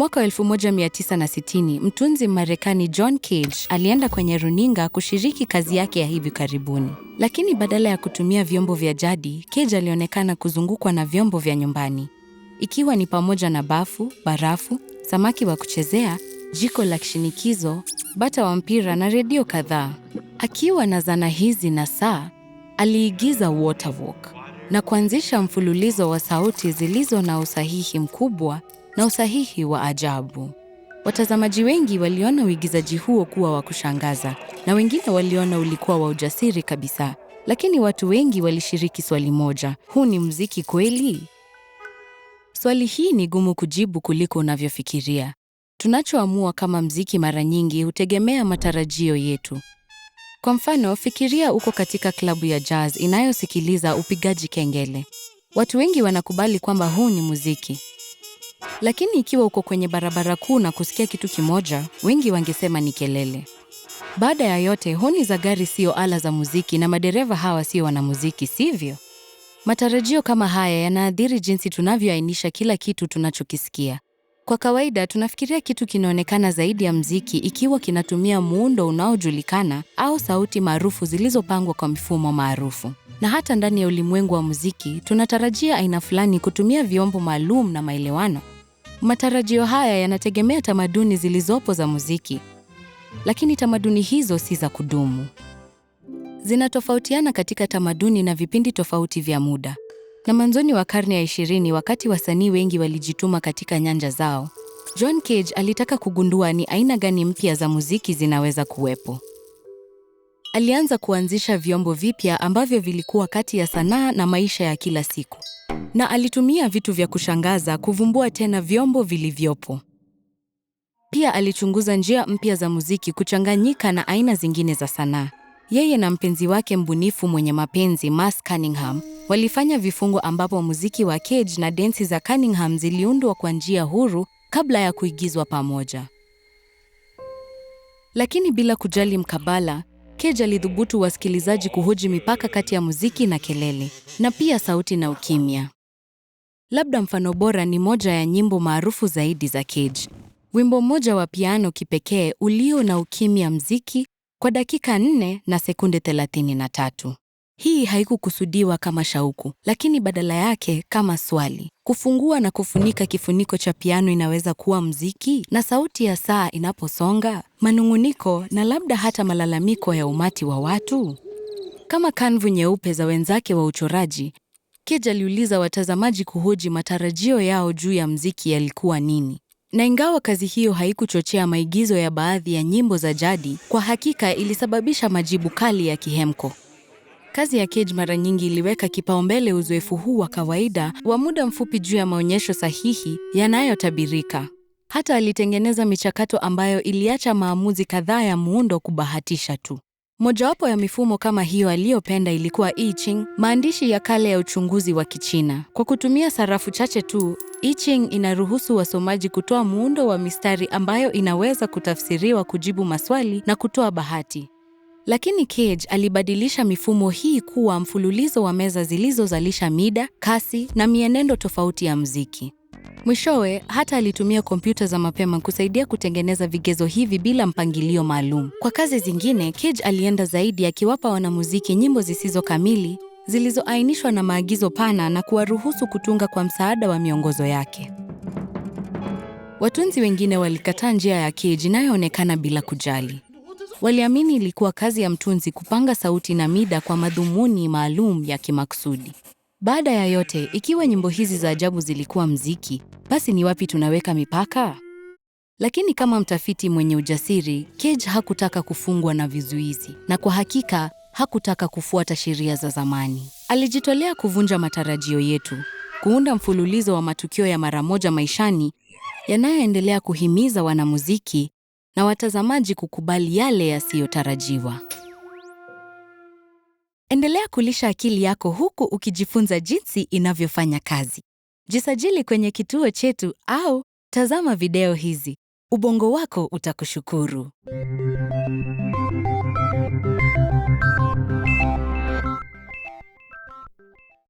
Mwaka 1960 mtunzi Marekani John Cage alienda kwenye runinga kushiriki kazi yake ya hivi karibuni, lakini badala ya kutumia vyombo vya jadi, Cage alionekana kuzungukwa na vyombo vya nyumbani, ikiwa ni pamoja na bafu, barafu, samaki wa kuchezea, jiko la kishinikizo, bata wa mpira na redio kadhaa. Akiwa na zana hizi na saa, aliigiza Waterwalk na kuanzisha mfululizo wa sauti zilizo na usahihi mkubwa na usahihi wa ajabu. Watazamaji wengi waliona uigizaji huo kuwa wa kushangaza na wengine waliona ulikuwa wa ujasiri kabisa, lakini watu wengi walishiriki swali moja: huu ni mziki kweli? Swali hii ni gumu kujibu kuliko unavyofikiria. Tunachoamua kama mziki mara nyingi hutegemea matarajio yetu. Kwa mfano, fikiria uko katika klabu ya jazz inayosikiliza upigaji kengele. Watu wengi wanakubali kwamba huu ni muziki, lakini ikiwa uko kwenye barabara kuu na kusikia kitu kimoja, wengi wangesema ni kelele. Baada ya yote, honi za gari siyo ala za muziki na madereva hawa sio wanamuziki, sivyo? Matarajio kama haya yanaathiri jinsi tunavyoainisha kila kitu tunachokisikia. Kwa kawaida tunafikiria kitu kinaonekana zaidi ya mziki ikiwa kinatumia muundo unaojulikana au sauti maarufu zilizopangwa kwa mifumo maarufu. Na hata ndani ya ulimwengu wa muziki tunatarajia aina fulani kutumia vyombo maalum na maelewano. Matarajio haya yanategemea tamaduni zilizopo za muziki, lakini tamaduni hizo si za kudumu. Zinatofautiana katika tamaduni na vipindi tofauti vya muda. Na mwanzoni wa karne ya 20 wakati wasanii wengi walijituma katika nyanja zao, John Cage alitaka kugundua ni aina gani mpya za muziki zinaweza kuwepo. Alianza kuanzisha vyombo vipya ambavyo vilikuwa kati ya sanaa na maisha ya kila siku, na alitumia vitu vya kushangaza kuvumbua tena vyombo vilivyopo. Pia alichunguza njia mpya za muziki kuchanganyika na aina zingine za sanaa. Yeye na mpenzi wake mbunifu mwenye mapenzi Mas Cunningham Walifanya vifungo ambapo muziki wa cage na densi za Cunningham ziliundwa kwa njia huru kabla ya kuigizwa pamoja. Lakini bila kujali mkabala, Cage alidhubutu wasikilizaji kuhoji mipaka kati ya muziki na kelele, na pia sauti na ukimya. Labda mfano bora ni moja ya nyimbo maarufu zaidi za Cage. Wimbo mmoja wa piano kipekee ulio na ukimya mziki kwa dakika 4 na sekunde 33. Hii haikukusudiwa kama shauku, lakini badala yake kama swali. Kufungua na kufunika kifuniko cha piano inaweza kuwa mziki, na sauti ya saa inaposonga, manung'uniko na labda hata malalamiko ya umati wa watu. Kama kanvu nyeupe za wenzake wa uchoraji, Cage aliuliza watazamaji kuhoji matarajio yao juu ya mziki yalikuwa nini. Na ingawa kazi hiyo haikuchochea maigizo ya baadhi ya nyimbo za jadi, kwa hakika ilisababisha majibu kali ya kihemko. Kazi ya Cage mara nyingi iliweka kipaumbele uzoefu huu wa kawaida wa muda mfupi juu ya maonyesho sahihi yanayotabirika. Hata alitengeneza michakato ambayo iliacha maamuzi kadhaa ya muundo kubahatisha tu. Mojawapo ya mifumo kama hiyo aliyopenda ilikuwa I Ching, maandishi ya kale ya uchunguzi wa Kichina. Kwa kutumia sarafu chache tu, I Ching inaruhusu wasomaji kutoa muundo wa mistari ambayo inaweza kutafsiriwa, kujibu maswali na kutoa bahati. Lakini Cage alibadilisha mifumo hii kuwa mfululizo wa meza zilizozalisha mida, kasi na mienendo tofauti ya mziki. Mwishowe hata alitumia kompyuta za mapema kusaidia kutengeneza vigezo hivi bila mpangilio maalum. Kwa kazi zingine, Cage alienda zaidi, akiwapa wanamuziki nyimbo zisizo kamili zilizoainishwa na maagizo pana na kuwaruhusu kutunga kwa msaada wa miongozo yake. Watunzi wengine walikataa njia ya Cage inayoonekana bila kujali. Waliamini ilikuwa kazi ya mtunzi kupanga sauti na mida kwa madhumuni maalum ya kimakusudi. Baada ya yote, ikiwa nyimbo hizi za ajabu zilikuwa mziki, basi ni wapi tunaweka mipaka? Lakini kama mtafiti mwenye ujasiri, Cage hakutaka kufungwa na vizuizi, na kwa hakika hakutaka kufuata sheria za zamani. Alijitolea kuvunja matarajio yetu, kuunda mfululizo wa matukio ya mara moja maishani yanayoendelea kuhimiza wanamuziki na watazamaji kukubali yale yasiyotarajiwa. Endelea kulisha akili yako huku ukijifunza jinsi inavyofanya kazi. Jisajili kwenye kituo chetu au tazama video hizi. Ubongo wako utakushukuru.